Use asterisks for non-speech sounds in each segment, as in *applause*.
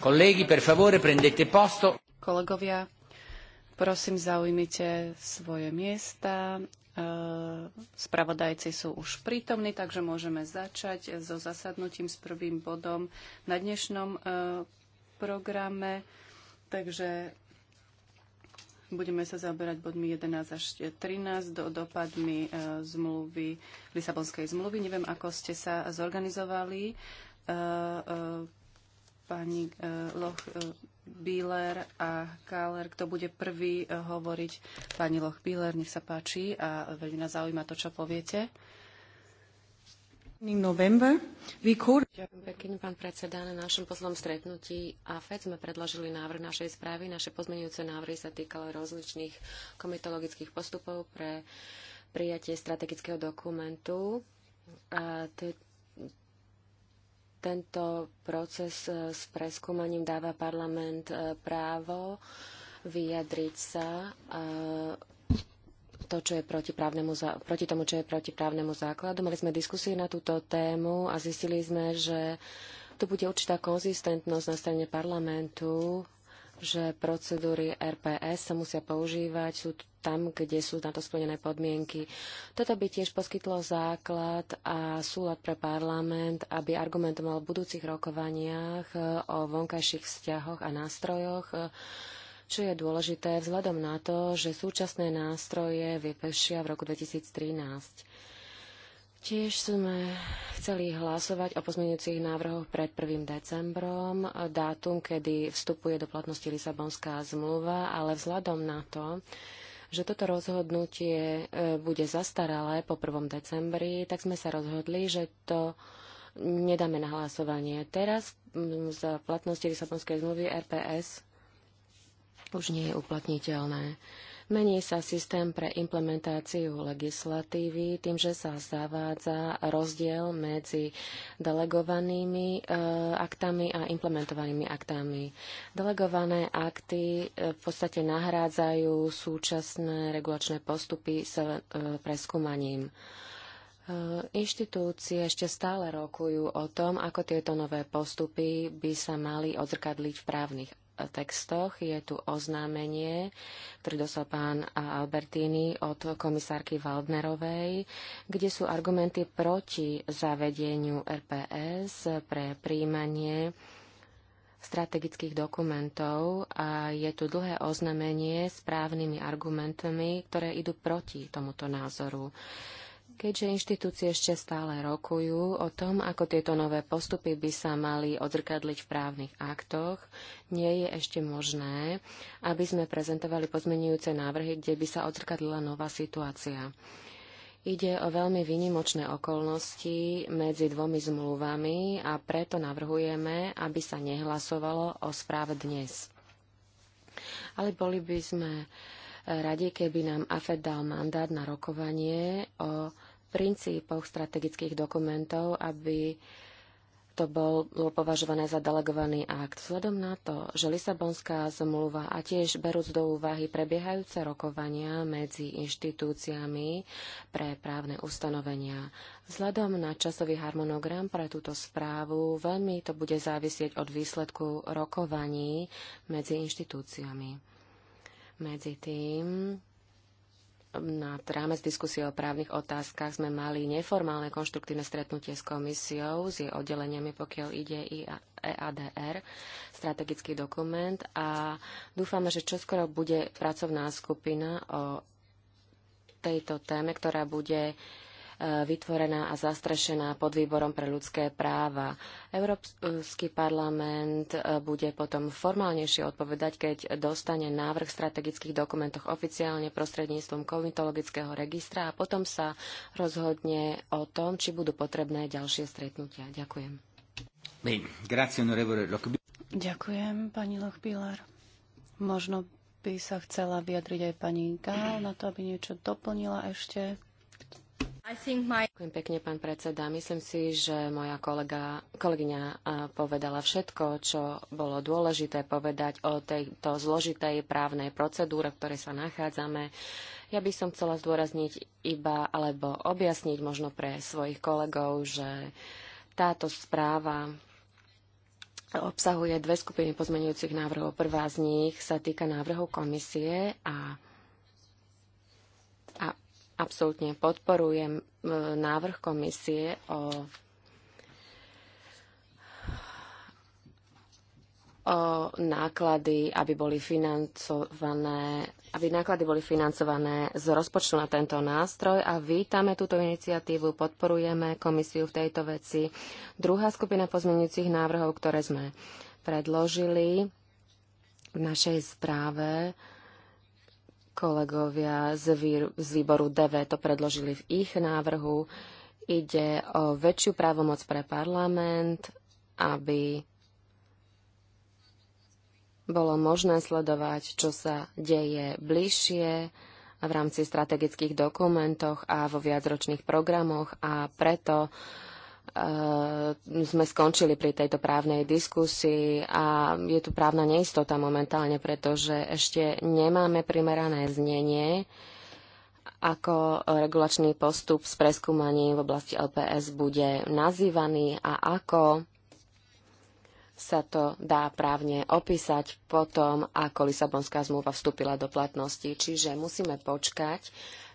Kolegovia, prosím, zaujmite svoje miesta. E, spravodajci sú už prítomní, takže môžeme začať so zasadnutím s prvým bodom na dnešnom e, programe. Takže budeme sa zaoberať bodmi 11 až 13 do dopadmi e, zmluvy, Lisabonskej zmluvy. Neviem, ako ste sa zorganizovali pani eh, Loch eh, Bíler a Káler. Kto bude prvý eh, hovoriť? Pani Loch Bíler, nech sa páči a veľmi nás zaujíma to, čo poviete. Ďakujem pekne, pán predseda. Na našom poslednom stretnutí AFED sme predložili návrh našej správy. Naše pozmenujúce návrhy sa týkali rozličných komitologických postupov pre prijatie strategického dokumentu. A tento proces e, s preskúmaním dáva parlament e, právo vyjadriť sa e, to, čo je proti, právnemu, proti tomu, čo je proti právnemu základu. Mali sme diskusie na túto tému a zistili sme, že tu bude určitá konzistentnosť na strane parlamentu že procedúry RPS sa musia používať sú tam, kde sú na to splnené podmienky. Toto by tiež poskytlo základ a súlad pre parlament, aby argumentoval v budúcich rokovaniach e, o vonkajších vzťahoch a nástrojoch, e, čo je dôležité vzhľadom na to, že súčasné nástroje vypešia v roku 2013. Tiež sme chceli hlasovať o pozmeňujúcich návrhoch pred 1. decembrom, dátum, kedy vstupuje do platnosti Lisabonská zmluva, ale vzhľadom na to, že toto rozhodnutie e, bude zastaralé po 1. decembri, tak sme sa rozhodli, že to nedáme na hlasovanie. Teraz z platnosti Lisabonskej zmluvy RPS už nie je uplatniteľné. Mení sa systém pre implementáciu legislatívy tým, že sa zavádza rozdiel medzi delegovanými e, aktami a implementovanými aktami. Delegované akty e, v podstate nahrádzajú súčasné regulačné postupy s e, preskúmaním. Inštitúcie ešte stále rokujú o tom, ako tieto nové postupy by sa mali odzrkadliť v právnych textoch. Je tu oznámenie, ktoré dostal pán Albertini od komisárky Waldnerovej, kde sú argumenty proti zavedeniu RPS pre príjmanie strategických dokumentov a je tu dlhé oznámenie s právnymi argumentami, ktoré idú proti tomuto názoru. Keďže inštitúcie ešte stále rokujú o tom, ako tieto nové postupy by sa mali odzrkadliť v právnych aktoch, nie je ešte možné, aby sme prezentovali pozmenujúce návrhy, kde by sa odzrkadlila nová situácia. Ide o veľmi výnimočné okolnosti medzi dvomi zmluvami a preto navrhujeme, aby sa nehlasovalo o správe dnes. Ale boli by sme radi, keby nám AFED dal mandát na rokovanie o princípoch strategických dokumentov, aby to bolo považované za delegovaný akt. Vzhľadom na to, že Lisabonská zmluva a tiež berúc do úvahy prebiehajúce rokovania medzi inštitúciami pre právne ustanovenia, vzhľadom na časový harmonogram pre túto správu veľmi to bude závisieť od výsledku rokovaní medzi inštitúciami. Medzi tým na rámec diskusie o právnych otázkach sme mali neformálne konštruktívne stretnutie s komisiou, s jej oddeleniami, pokiaľ ide i EADR, strategický dokument a dúfame, že čoskoro bude pracovná skupina o tejto téme, ktorá bude uh, vytvorená a zastrešená pod výborom pre ľudské práva. Európsky parlament e, bude potom formálnejšie odpovedať, keď dostane návrh strategických dokumentoch oficiálne prostredníctvom komitologického registra a potom sa rozhodne o tom, či budú potrebné ďalšie stretnutia. Ďakujem. Ďakujem, pani Lochbílar. Možno by sa chcela vyjadriť aj pani Gál na to, aby niečo doplnila ešte. Ďakujem pekne, pán predseda. Myslím si, že moja kolega, kolegyňa povedala všetko, čo bolo dôležité povedať o tejto zložitej právnej procedúre, v ktorej sa nachádzame. Ja by som chcela zdôrazniť iba alebo objasniť možno pre svojich kolegov, že táto správa obsahuje dve skupiny pozmenujúcich návrhov. Prvá z nich sa týka návrhov komisie a absolútne podporujem e, návrh komisie o, o náklady, aby boli financované aby náklady boli financované z rozpočtu na tento nástroj a vítame túto iniciatívu, podporujeme komisiu v tejto veci. Druhá skupina pozmeňujúcich návrhov, ktoré sme predložili v našej správe, Kolegovia z, z výboru DV to predložili v ich návrhu. Ide o väčšiu právomoc pre parlament, aby bolo možné sledovať, čo sa deje bližšie v rámci strategických dokumentoch a vo viacročných programoch a preto uh, Ehm, sme skončili pri tejto právnej diskusii a je tu právna neistota momentálne, pretože ešte nemáme primerané znenie, ako regulačný postup s preskúmaním v oblasti LPS bude nazývaný a ako sa to dá právne opísať potom, ako Lisabonská zmluva vstúpila do platnosti. Čiže musíme počkať,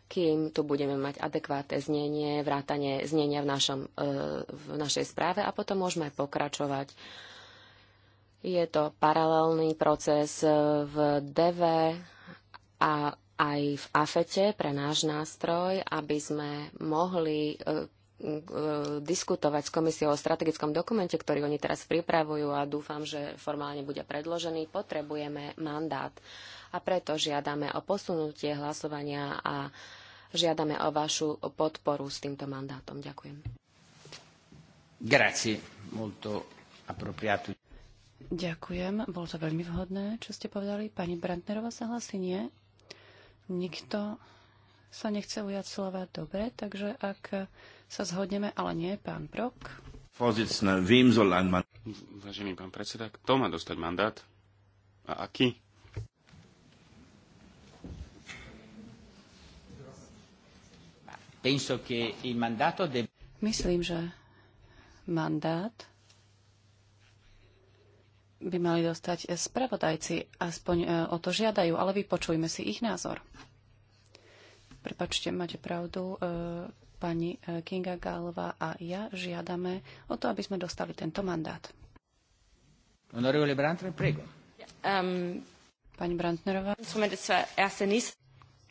kým tu budeme mať adekvátne znenie, vrátanie znenia v, našom, e, v našej správe a potom môžeme pokračovať. Je to paralelný proces e, v DV a aj v AFETE e pre náš nástroj, aby sme mohli diskutovať s komisiou o strategickom dokumente, ktorý oni teraz pripravujú a dúfam, že formálne bude predložený. Potrebujeme mandát a preto žiadame o posunutie hlasovania a žiadame o vašu podporu s týmto mandátom. Ďakujem. Grazie, molto Ďakujem, bolo to veľmi vhodné, čo ste povedali. Pani Brandnerová sa hlasí, nie? Nikto sa nechce ujať slova. Dobre, takže ak sa zhodneme, ale nie, pán Prok. Vážený pán predseda, kto má dostať mandát? A aký? Myslím, že mandát by mali dostať spravodajci, aspoň e, o to žiadajú, ale vypočujme si ich názor prepačte, máte pravdu, e, pani e, Kinga Galva a ja žiadame o to, aby sme dostali tento mandát. Honorable Brantner, prego. Um, pani Brantnerová.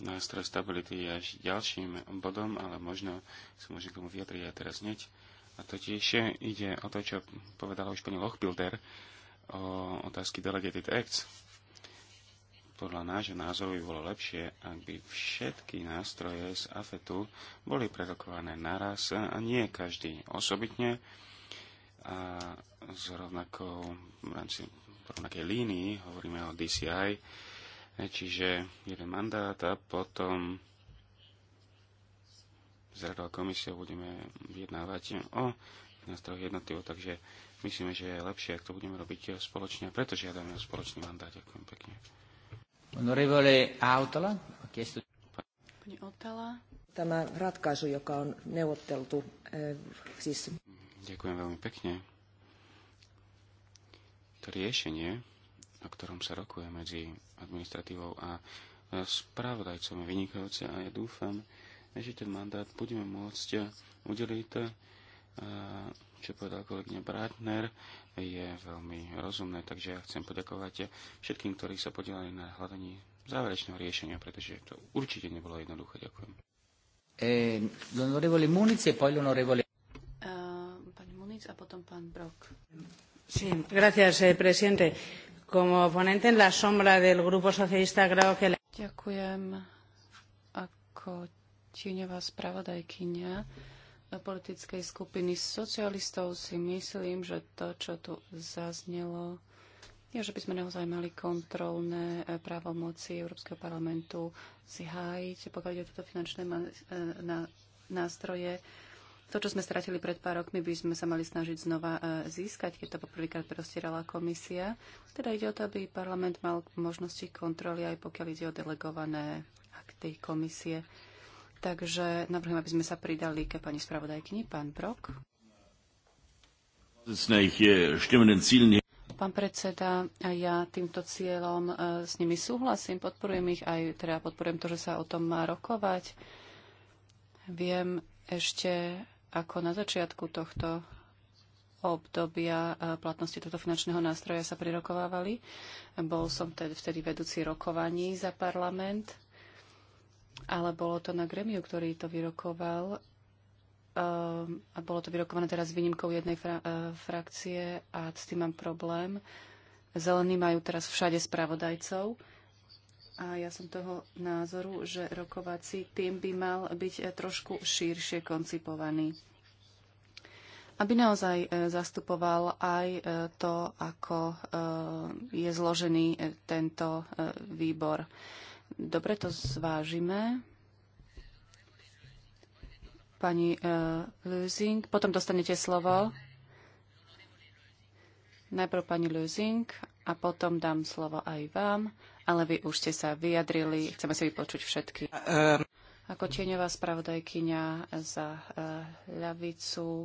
Nástroj stability je až ďalším bodom, ale možno sa môžem k tomu vyjadriť aj teraz hneď. A totiž ide o to, čo povedala už pani Lochbilder o otázky Delegated Acts podľa nášho názoru by bolo lepšie, aby všetky nástroje z AFETu boli prerokované naraz a nie každý osobitne a z rovnakou, v rámci rovnakej línii, hovoríme o DCI, čiže jeden mandát a potom s radou komisiou budeme vyjednávať o nástroch jednotlivo, takže myslíme, že je lepšie, ak to budeme robiť spoločne, preto žiadame o spoločný mandát. Ďakujem pekne. Onorevole Autola, ha chiesto... Tämä ratkaisu, joka on neuvotteltu, eh, siis... Ďakujem veľmi pekne. To riešenie, o ktorom sa rokuje medzi administratívou a spravodajcom je vynikajúce a ja dúfam, že ten mandát budeme môcť udeliť, čo povedal kolegyňa Bratner, je veľmi rozumné, takže ja chcem poďakovať všetkým, ktorí sa podielali na hľadaní záverečného riešenia, pretože to určite nebolo jednoduché. Ďakujem. Eh, Muniz e poi l'onorevole... Eh, pán Muniz a potom pán Brok. Sí, gracias, eh, presidente. Como ponente en la sombra del Grupo Socialista, creo que... La... Ďakujem. Ako tíňová spravodajkynia politickej skupiny socialistov si myslím, že to, čo tu zaznelo, je, že by sme naozaj mali kontrolné eh, právomoci Európskeho parlamentu zhájiť, pokiaľ ide o tieto finančné eh, nástroje. To, čo sme stratili pred pár rokmi, by sme sa mali snažiť znova eh, získať, keď to poprvýkrát prostierala komisia. Teda ide o to, aby parlament mal možnosti kontroly, aj pokiaľ ide o delegované akty komisie. Takže navrhujem, aby sme sa pridali ke pani spravodajkyni, pán Brok. Pán predseda, ja týmto cieľom e, s nimi súhlasím, podporujem ich aj, teda podporujem to, že sa o tom má rokovať. Viem ešte ako na začiatku tohto obdobia e, platnosti tohto finančného nástroja sa prirokovávali. Bol som vtedy vedúci rokovaní za parlament ale bolo to na gremiu, ktorý to vyrokoval ehm, a bolo to vyrokované teraz výnimkou jednej fra- e, frakcie a s tým mám problém. Zelení majú teraz všade spravodajcov a ja som toho názoru, že rokovací tým by mal byť e, trošku širšie koncipovaný. Aby naozaj e, zastupoval aj to, ako je zložený tento výbor. Dobre, to zvážime. Pani uh, Lusing, potom dostanete slovo. Najprv pani Lusing a potom dám slovo aj vám, ale vy už ste sa vyjadrili, chceme si vypočuť všetky. Ehm. Ako tieňová spravodajkyňa za e, ľavicu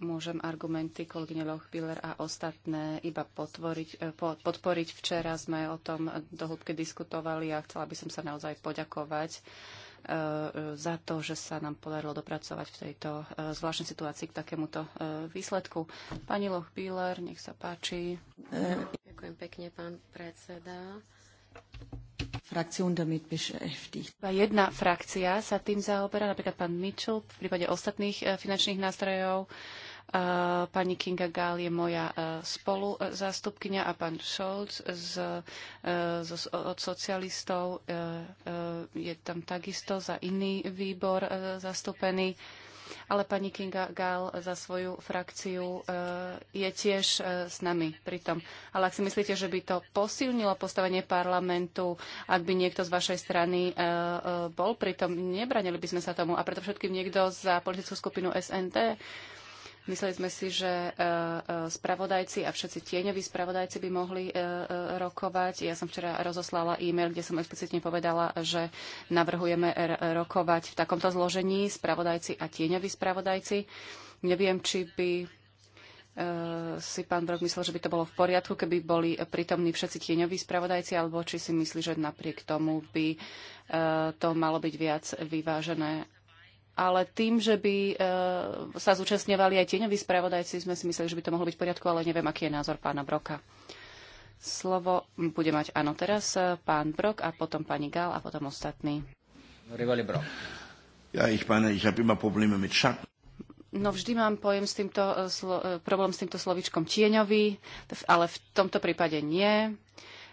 môžem argumenty kolegyne Lochbiller a ostatné iba potvoriť, eh, podporiť. Včera sme o tom dohlbke diskutovali a chcela by som sa naozaj poďakovať eh, za to, že sa nám podarilo dopracovať v tejto eh, zvláštnej situácii k takémuto výsledku. Pani Lochbiller, nech sa páči. Ďakujem pekne, pán predseda. jedna frakcia sa tým zaoberá, napríklad pán Mitchell, v prípade ostatných finančných nástrojov Pani Kinga Gál je moja e, spoluzástupkynia a pán Scholz z, e, z, od socialistov e, je tam takisto za iný výbor zastúpený. Ale pani Kinga Gál za svoju frakciu je tiež s nami pritom. Ale ak si myslíte, že by to posilnilo postavenie parlamentu, ak by niekto z vašej strany bol pritom, nebranili by sme sa tomu. A preto všetkým niekto za politickú skupinu SNT Mysleli sme si, že e, e, spravodajci a všetci tieňoví spravodajci by mohli e, rokovať. Ja som včera rozoslala e-mail, kde som explicitne povedala, že navrhujeme rokovať v takomto zložení spravodajci a tieňoví spravodajci. Neviem, či by si pán Brok myslel, že by to bolo v poriadku, keby boli prítomní všetci tieňoví spravodajci, alebo či si myslí, že napriek tomu by to malo byť viac vyvážené ale tým, že by e, sa zúčastňovali aj tieňoví spravodajci, sme si mysleli, že by to mohlo byť v poriadku, ale neviem, aký je názor pána Broka. Slovo bude mať áno teraz e, pán Brok a potom pani Gál a potom ostatní. Rivali Brok. Ja, ich meine, ich habe immer Probleme mit No vždy mám pojem s týmto, e, slo, problém s týmto slovičkom tieňový, ale v tomto prípade nie.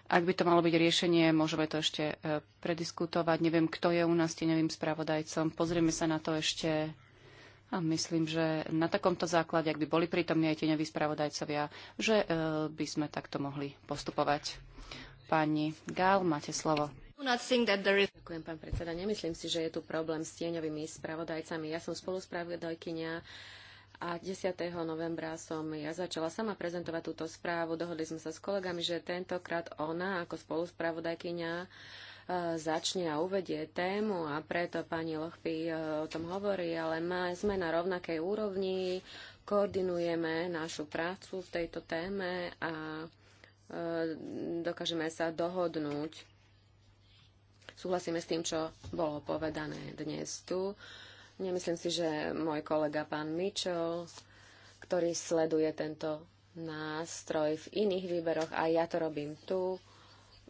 Ak by to malo byť riešenie, môžeme to ešte e, prediskutovať. Neviem, kto je u nás tieňovým spravodajcom. Pozrieme sa na to ešte a myslím, že na takomto základe, ak by boli prítomní aj tieňoví spravodajcovia, že e, by sme takto mohli postupovať. Pani Gál, máte slovo. Ďakujem, pán predseda. Nemyslím si, že je tu problém s tieňovými spravodajcami. Ja som spoluspravodajkynia a 10. novembra som ja začala sama prezentovať túto správu. Dohodli sme sa s kolegami, že tentokrát ona ako spoluspravodajkyňa e, začne a uvedie tému a preto pani Lochpy e, o tom hovorí, ale my sme na rovnakej úrovni, koordinujeme našu prácu v tejto téme a e, dokážeme sa dohodnúť. Súhlasíme s tým, čo bolo povedané dnes tu. Nemyslím si, že môj kolega pán Mitchell, ktorý sleduje tento nástroj v iných výberoch a ja to robím tu,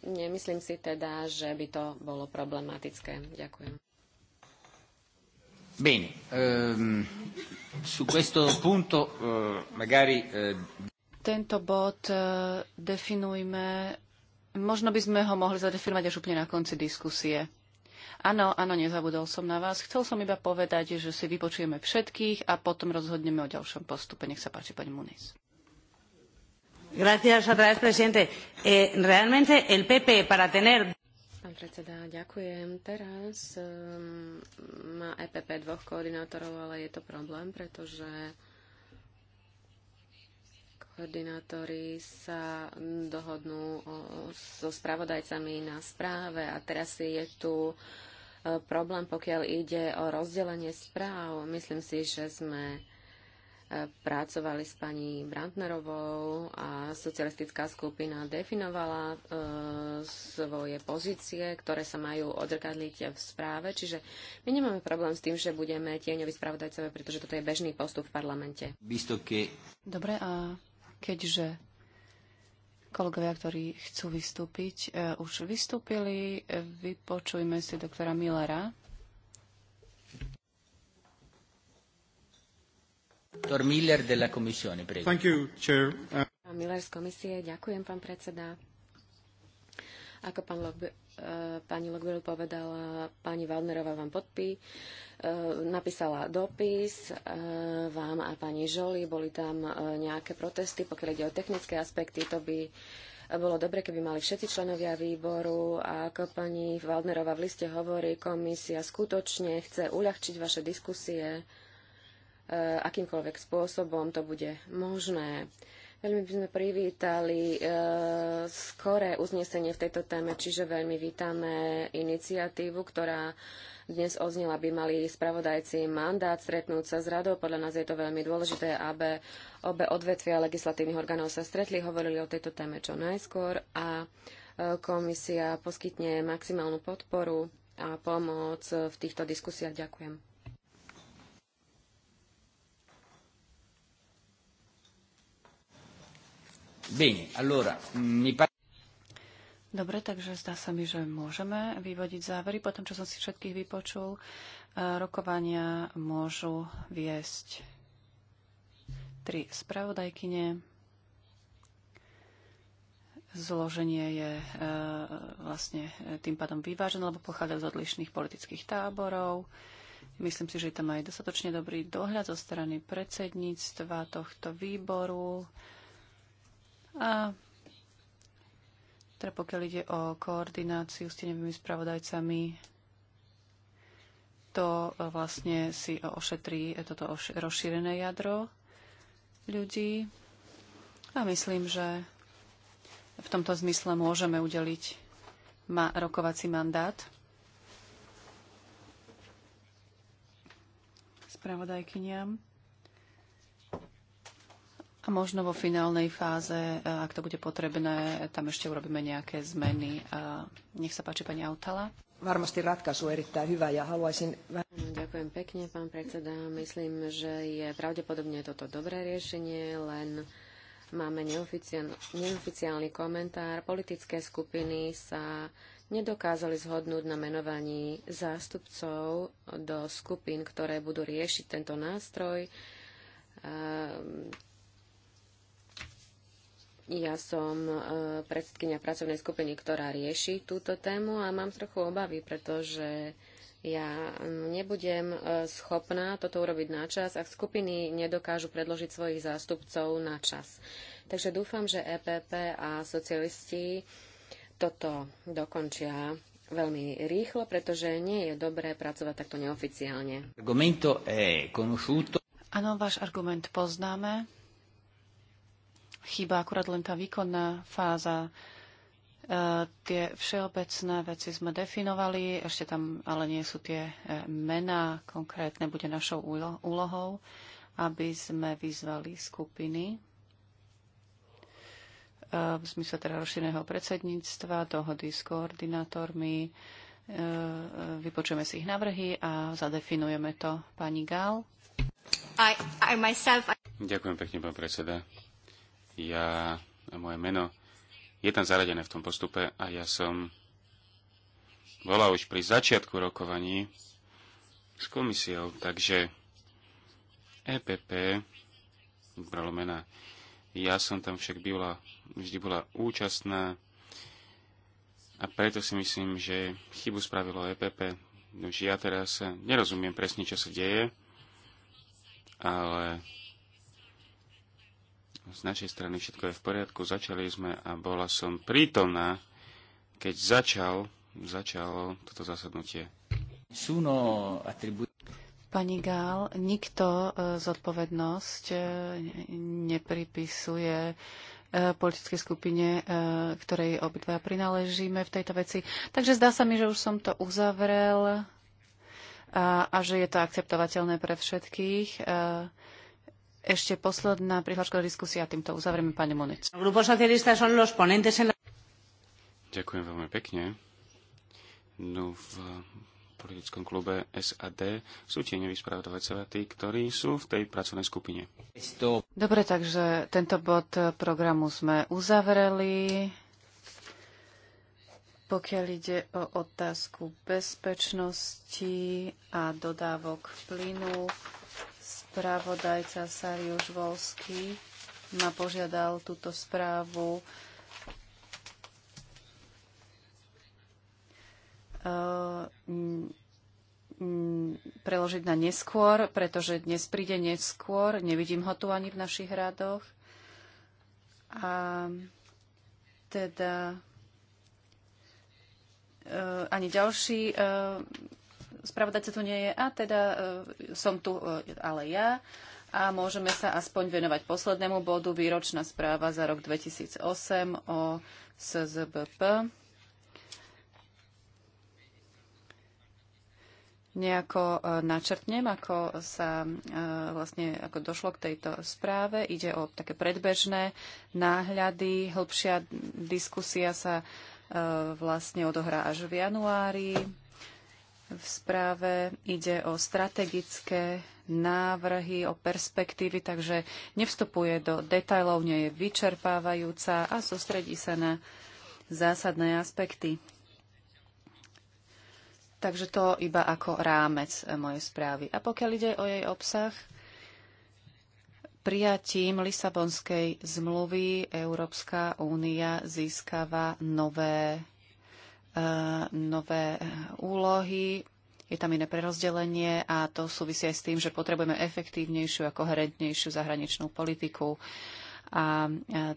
nemyslím si teda, že by to bolo problematické. Ďakujem. Bene, um, su questo punto uh, magari... uh... Tento bod uh, definujme, možno by sme ho mohli zadefinovať až úplne na konci diskusie. Áno, áno, nezabudol som na vás. Chcel som iba povedať, že si vypočujeme všetkých a potom rozhodneme o ďalšom postupe. Nech sa páči, pani Muniz. Eh, Pán predseda, ďakujem. Teraz um, má EPP dvoch koordinátorov, ale je to problém, pretože koordinátori sa dohodnú so spravodajcami na správe a teraz je tu e, problém, pokiaľ ide o rozdelenie správ. Myslím si, že sme e, pracovali s pani Brandnerovou a socialistická skupina definovala e, svoje pozície, ktoré sa majú odrkadliť v správe. Čiže my nemáme problém s tým, že budeme tieňovi spravodajcovia, pretože toto je bežný postup v parlamente. Dobre, a keďže kolegovia, ktorí chcú vystúpiť, e, už vystúpili. E, vypočujme si doktora Millera. Dr. Miller de la Commissione, prego. Thank you, Chair. Pán Miller z komisie, ďakujem, pán predseda. Ako pán Logbe E, pani Logbirov povedala, pani Waldnerová vám podpí, e, napísala dopis e, vám a pani Žoli, boli tam nejaké protesty, pokiaľ ide o technické aspekty, to by bolo dobre, keby mali všetci členovia výboru a ako pani Waldnerová v liste hovorí, komisia skutočne chce uľahčiť vaše diskusie akýmkoľvek spôsobom to bude možné. Veľmi by sme privítali e, skoré uznesenie v tejto téme, čiže veľmi vítame iniciatívu, ktorá dnes oznila, aby mali spravodajci mandát stretnúť sa s radou. Podľa nás je to veľmi dôležité, aby obe odvetvia legislatívnych orgánov sa stretli, hovorili o tejto téme čo najskôr a e, komisia poskytne maximálnu podporu a pomoc v týchto diskusiách. Ďakujem. Bene, allora, mi pare... Dobre, takže zdá sa mi, že môžeme vyvodiť závery. Po tom, čo som si všetkých vypočul, e, rokovania môžu viesť tri spravodajkyne. Zloženie je e, vlastne tým pádom vyvážené, lebo pochádza z odlišných politických táborov. Myslím si, že je tam aj dostatočne dobrý dohľad zo strany predsedníctva tohto výboru. E, a teda pokiaľ ide o koordináciu s tenevými spravodajcami, to e, vlastne si ošetrí toto rozšírené jadro ľudí. A myslím, že v tomto zmysle môžeme udeliť ma- rokovací mandát. Spravodajkyniam. A možno vo finálnej fáze, e, ak to bude potrebné, tam ešte urobíme nejaké zmeny. Nech sa páči, pani Autala. Varmasti ratkaisu erittäin hyvä ja haluaisin... Ďakujem pekne, pán predseda. Myslím, že je pravdepodobne toto dobré riešenie, len máme neoficiálny komentár. Politické skupiny sa nedokázali zhodnúť na menovaní zástupcov do skupín, ktoré budú riešiť tento nástroj. Ja som e, predsedkynia pracovnej skupiny, ktorá rieši túto tému a mám trochu obavy, pretože ja nebudem e, schopná toto urobiť na čas, ak skupiny nedokážu predložiť svojich zástupcov na čas. Takže dúfam, že EPP a socialisti toto dokončia veľmi rýchlo, pretože nie je dobré pracovať takto neoficiálne. Áno, váš argument poznáme chýba akurát len tá výkonná fáza. E, tie všeobecné veci sme definovali, ešte tam ale nie sú tie e, mená konkrétne, bude našou úlohou, aby sme vyzvali skupiny e, v zmysle teda rozšíreného predsedníctva, dohody s koordinátormi, vypočujeme si ich navrhy a zadefinujeme to pani Gál. I, I myself, I... Ďakujem pekne, pán predseda ja, moje meno je tam zaradené v tom postupe a ja som bola už pri začiatku rokovaní s komisiou, takže EPP bralo mena. Ja som tam však bola, vždy bola účastná a preto si myslím, že chybu spravilo EPP. Už ja teraz nerozumiem presne, čo sa deje, ale z našej strany všetko je v poriadku. Začali sme a bola som prítomná, keď začal, začalo toto zasadnutie. Pani Gál, nikto e, zodpovednosť e, nepripisuje e, politickej skupine, ktorej obidva prináležíme v tejto veci. Takže zdá sa mi, že už som to uzavrel a, a že je to akceptovateľné pre všetkých. Ešte posledná prihláška do diskusie a týmto uzavrieme pani Munic. Ďakujem veľmi pekne. No, v politickom klube SAD sú tie spravodajcovia tí, ktorí sú v tej pracovnej skupine. Dobre, takže tento bod programu sme uzavreli. Pokiaľ ide o otázku bezpečnosti a dodávok plynu, Spravodajca Sariuš Volský ma požiadal túto správu ehm, preložiť na neskôr, pretože dnes príde neskôr, nevidím ho tu ani v našich radoch. A teda e, ani ďalší e, spravodajca tu nie je a teda e, som tu e, ale ja a môžeme sa aspoň venovať poslednému bodu výročná správa za rok 2008 o SZBP. nejako e, načrtnem, ako sa vlastne ako došlo k tejto správe. Ide o také predbežné náhľady. Hĺbšia diskusia sa vlastne odohrá až v januári v správe ide o strategické návrhy, o perspektívy, takže nevstupuje do detajlov, nie je vyčerpávajúca a sústredí sa na zásadné aspekty. Takže to iba ako rámec mojej správy. A pokiaľ ide o jej obsah, prijatím Lisabonskej zmluvy Európska únia získava nové E, nové úlohy, je tam iné prerozdelenie a to súvisí aj s tým, že potrebujeme efektívnejšiu a koherentnejšiu zahraničnú politiku. A e,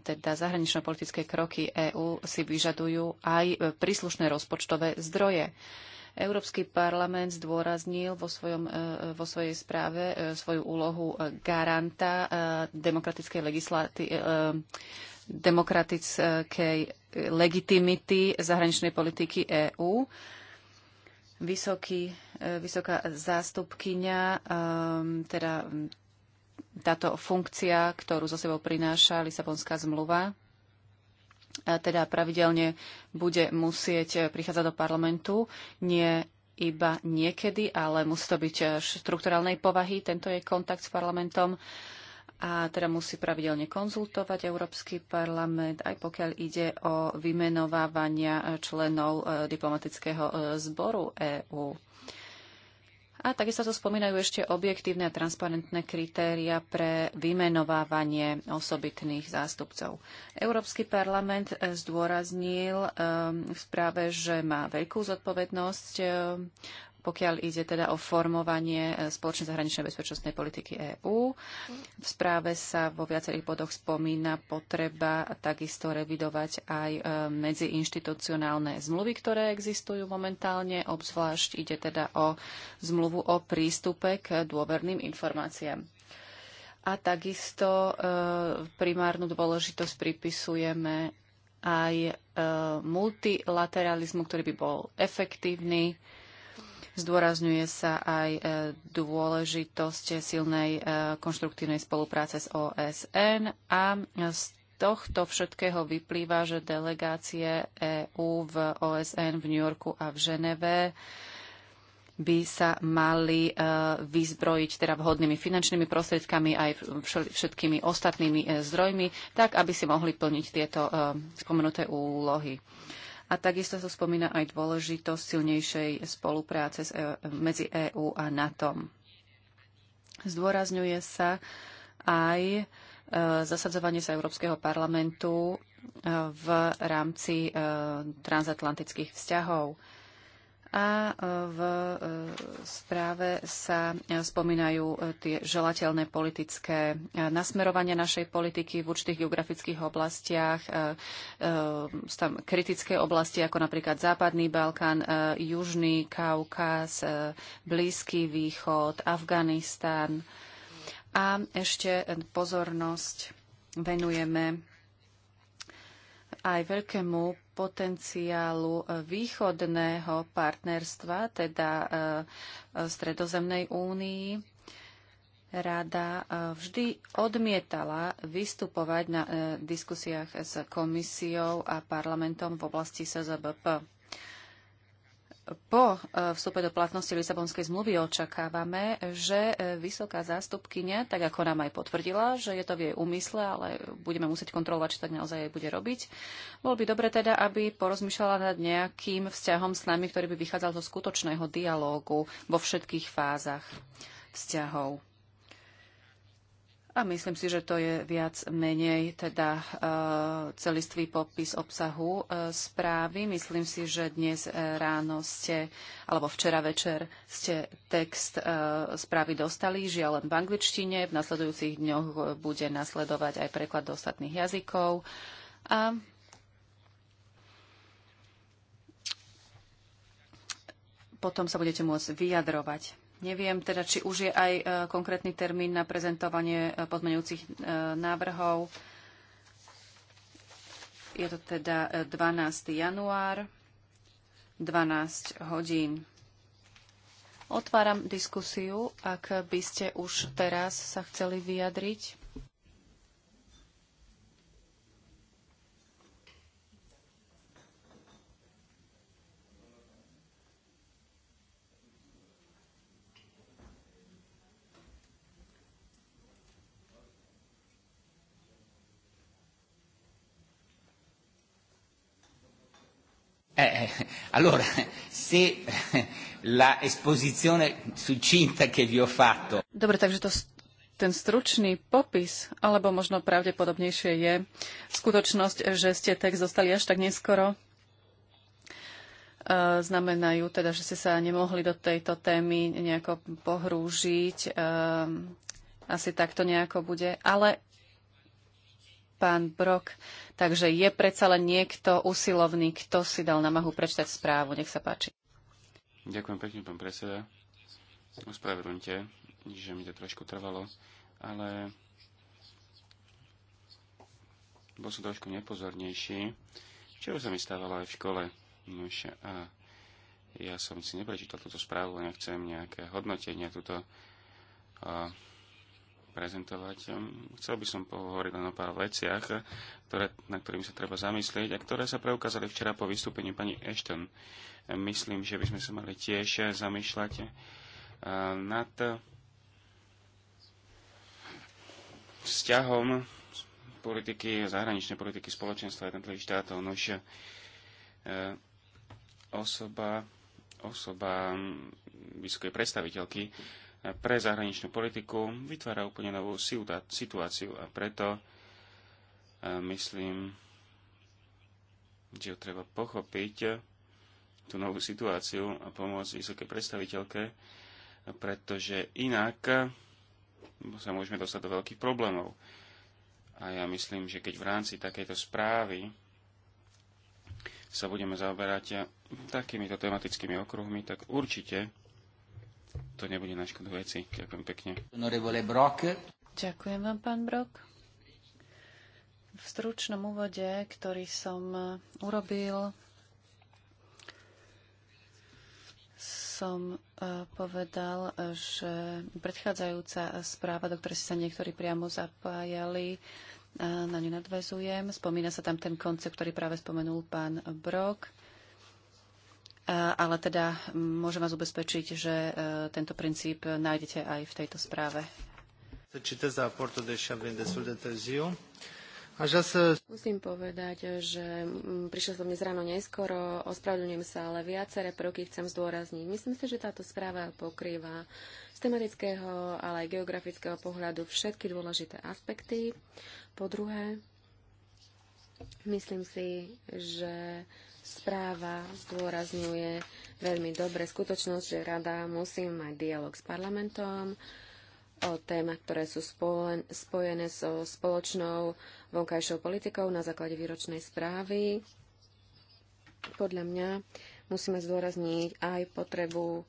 teda zahranično-politické kroky EÚ si vyžadujú aj príslušné rozpočtové zdroje. Európsky parlament zdôraznil vo, svojom, e, vo svojej správe svoju úlohu garanta demokratickej legislaty- demokratickej legitimity zahraničnej politiky EÚ. Vysoký, e, vysoká zástupkyňa, ehm, teda táto funkcia, ktorú zo sebou prináša Lisabonská zmluva, e, teda pravidelne bude musieť e, prichádzať do parlamentu, nie iba niekedy, ale musí to byť štrukturálnej povahy, tento je kontakt s parlamentom. Uh, a teda musí pravidelne konzultovať Európsky parlament, aj pokiaľ ide o vymenovávania členov e, diplomatického e, zboru EÚ. A takisto sa spomínajú ešte objektívne a transparentné kritéria pre vymenovávanie osobitných zástupcov. Európsky parlament e, zdôraznil v správe, že má veľkú zodpovednosť pokiaľ ide teda o formovanie e, spoločnej zahraničnej bezpečnostnej politiky EÚ. V správe sa vo viacerých bodoch spomína potreba takisto revidovať aj e, medziinštitucionálne zmluvy, ktoré existujú momentálne. Obzvlášť ide teda o zmluvu o prístupe k dôverným informáciám. A takisto e, primárnu dôležitosť pripisujeme aj multilateralizmu, ktorý by bol efektívny, Zdôrazňuje sa aj e, dôležitosť silnej e, konštruktívnej spolupráce s OSN a s tohto všetkého vyplýva, že delegácie EÚ v OSN v New Yorku a v Ženeve by sa mali e, vyzbrojiť teda vhodnými finančnými prostriedkami aj všetkými ostatnými zdrojmi, tak aby si mohli plniť tieto spomenuté úlohy. A takisto sa spomína aj dôležitosť silnejšej spolupráce e- medzi EÚ a NATO. Zdôrazňuje sa aj e, zasadzovanie sa Európskeho parlamentu e, v rámci transatlantických vzťahov a e, v e, správe sa e, spomínajú tie želateľné politické nasmerovania našej politiky v určitých geografických oblastiach, tam kritické oblasti ako napríklad Západný Balkán, Južný Kaukaz, Blízky východ, Afganistan. A ešte pozornosť venujeme aj veľkému potenciálu e, východného partnerstva, teda e, Stredozemnej únii. Rada e, vždy odmietala vystupovať na diskusiách s komisiou a parlamentom v oblasti SZBP po e, vstupe do platnosti Lisabonskej zmluvy očakávame, že e, vysoká zástupkynia, tak ako nám aj potvrdila, že je to v jej úmysle, ale budeme musieť kontrolovať, či tak naozaj aj bude robiť. Bol by dobre teda, aby porozmýšľala nad nejakým vzťahom s nami, ktorý by vychádzal zo skutočného dialógu vo všetkých fázach vzťahov. A myslím si, že to je viac menej teda e, celistvý popis obsahu e, správy. Myslím si, že dnes e, ráno ste, alebo včera večer ste text správy dostali, žiaľ len v angličtine. V nasledujúcich dňoch bude nasledovať aj preklad do ostatných jazykov. A potom sa budete môcť vyjadrovať. Neviem teda, či už je aj e, konkrétny termín na prezentovanie e, podmenujúcich e, návrhov. Je to teda 12. január, 12 hodín. Otváram diskusiu, ak by ste už teraz sa chceli vyjadriť. Eh, eh *laughs* allora, se *laughs* la esposizione succinta che vi ho fatto... Dobre, takže to, ten stručný popis, alebo možno pravdepodobnejšie je skutočnosť, že ste text dostali až tak neskoro, eh, znamenajú teda, že ste sa nemohli do tejto témy nejako pohrúžiť. Ehm, asi takto nejako bude. Ale pán Brok. Takže je predsa len niekto usilovný, kto si dal namahu prečítať správu. Nech sa páči. Ďakujem pekne, pán predseda. Ospravedlňte, že mi to trošku trvalo, ale bol som trošku nepozornejší, čo sa mi stávalo aj v škole. Nož a ja som si neprečítal túto správu, nechcem nejaké hodnotenie, túto a, prezentovať. Um, chcel by som pohovoriť len o pár veciach, ktoré, na ktorým sa treba zamyslieť a ktoré sa preukázali včera po vystúpení pani Ashton. Um, myslím, že by sme sa mali tiež zamýšľať uh, nad vzťahom politiky, zahraničnej politiky spoločenstva jednotlivých štátov. Nož uh, osoba, osoba um, vysokej predstaviteľky pre zahraničnú politiku vytvára úplne novú situáciu a preto e, myslím, že treba pochopiť e, tú novú situáciu a pomôcť vysokej predstaviteľke, pretože inak e, sa môžeme dostať do veľkých problémov. A ja myslím, že keď v rámci takejto správy sa budeme zaoberať takýmito tematickými okruhmi, tak určite to nebude na škodu veci. Ďakujem pekne. Ďakujem vám, pán Brok. V stručnom úvode, ktorý som eh, urobil, som eh, povedal, že predchádzajúca správa, do ktorej sa niektorí priamo zapájali, eh, na ňu nadvezujem. Spomína sa tam ten koncept, ktorý práve spomenul pán Brok ale teda môžem vás ubezpečiť, že e, tento princíp nájdete aj v tejto správe. Citez raportul, deși destul de târziu. Musím povedať, že prišiel som dnes ráno neskoro, ospravedlňujem sa, ale viaceré prvky chcem zdôrazniť. Myslím si, že táto správa pokrýva z tematického, ale aj geografického pohľadu všetky dôležité aspekty. Po druhé, myslím si, že Správa zdôrazňuje veľmi dobre skutočnosť, že rada musí mať dialog s parlamentom o témach, ktoré sú spojené so spoločnou vonkajšou politikou na základe výročnej správy. Podľa mňa musíme zdôrazniť aj potrebu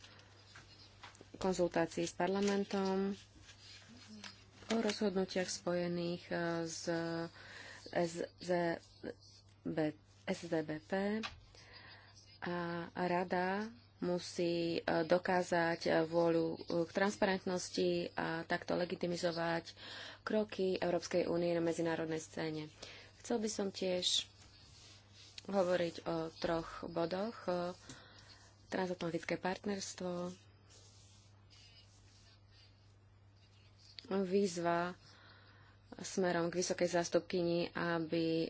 konzultácií s parlamentom o rozhodnutiach spojených eh, s SZBT SDBP a rada musí e, dokázať e, vôľu e, k transparentnosti a takto legitimizovať kroky Európskej únie na medzinárodnej scéne. Chcel by som tiež hovoriť o troch bodoch. Transatlantické partnerstvo, výzva smerom k vysokej zástupkyni, aby eh,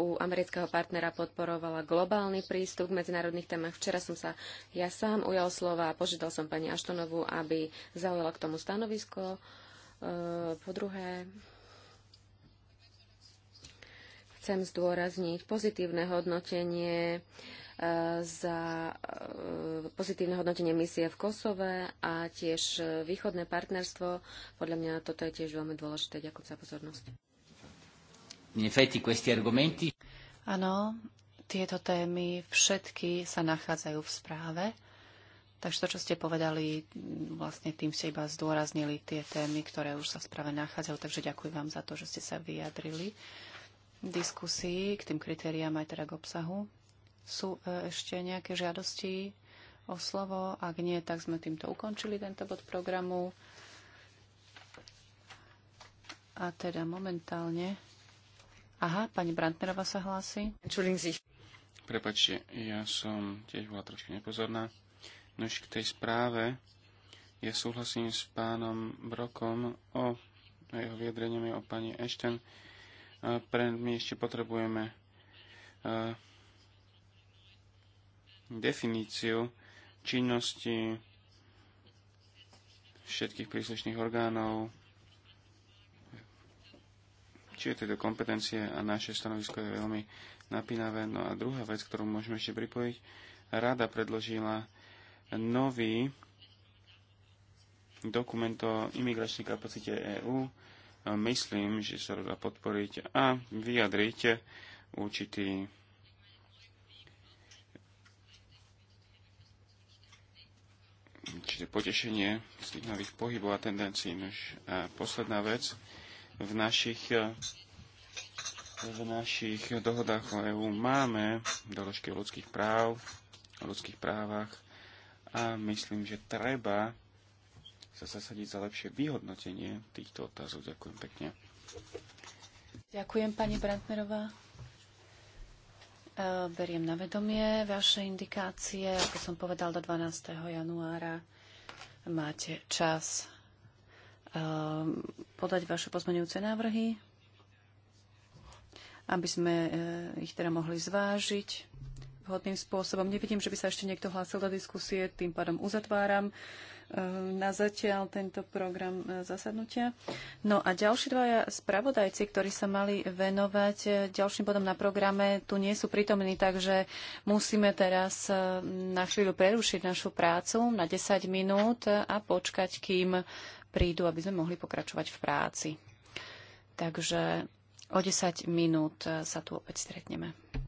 u amerického partnera podporovala globálny prístup k medzinárodných témach. Včera som sa ja sám ujal slova a požiadal som pani Aštonovu, aby zaujala k tomu stanovisko. Eh, po druhé, chcem zdôrazniť pozitívne hodnotenie za e, pozitívne hodnotenie misie v Kosove a tiež východné partnerstvo. Podľa mňa toto je tiež veľmi dôležité. Ďakujem za pozornosť. Áno, tieto témy všetky sa nachádzajú v správe. Takže to, čo ste povedali, vlastne tým ste iba zdôraznili tie témy, ktoré už sa v správe nachádzajú. Takže ďakujem vám za to, že ste sa vyjadrili diskusii k tým kritériám aj teda k obsahu. Sú e, ešte nejaké žiadosti o slovo? Ak nie, tak sme týmto ukončili tento bod programu. A teda momentálne... Aha, pani Brantnerová sa hlási. Prepačte, ja som tiež bola trošku nepozorná. Nož k tej správe, ja súhlasím s pánom Brokom o jeho vyjadreniami o pani Ešten. Pre my ešte potrebujeme e, definíciu činnosti všetkých príslušných orgánov, či je to kompetencie a naše stanovisko je veľmi napínavé. No a druhá vec, ktorú môžeme ešte pripojiť, rada predložila nový dokument o imigračnej kapacite EÚ. Myslím, že sa dá podporiť a vyjadriť určitý určite potešenie z tých nových pohybov a tendencií. Nož. A e, posledná vec, v našich, e, v našich dohodách o EÚ máme doložky o ľudských práv, o ľudských právach a myslím, že treba sa zasadiť za lepšie vyhodnotenie týchto otázok. Ďakujem pekne. Ďakujem pani Brantnerová. E, beriem na vedomie vaše indikácie, ako som povedal, do 12. januára máte čas ehm, podať vaše pozmenujúce návrhy, aby sme eh, ich teda mohli zvážiť vhodným spôsobom. Nevidím, že by sa ešte niekto hlásil do diskusie, tým pádom uzatváram Eh, na zatiaľ tento program eh, zasadnutia. No a ďalší dvaja spravodajci, ktorí sa mali venovať eh, ďalším bodom na programe, tu nie sú prítomní, takže musíme teraz na chvíľu prerušiť našu prácu na 10 minút a počkať, kým prídu, aby sme mohli pokračovať v práci. Takže o 10 minút sa tu opäť stretneme.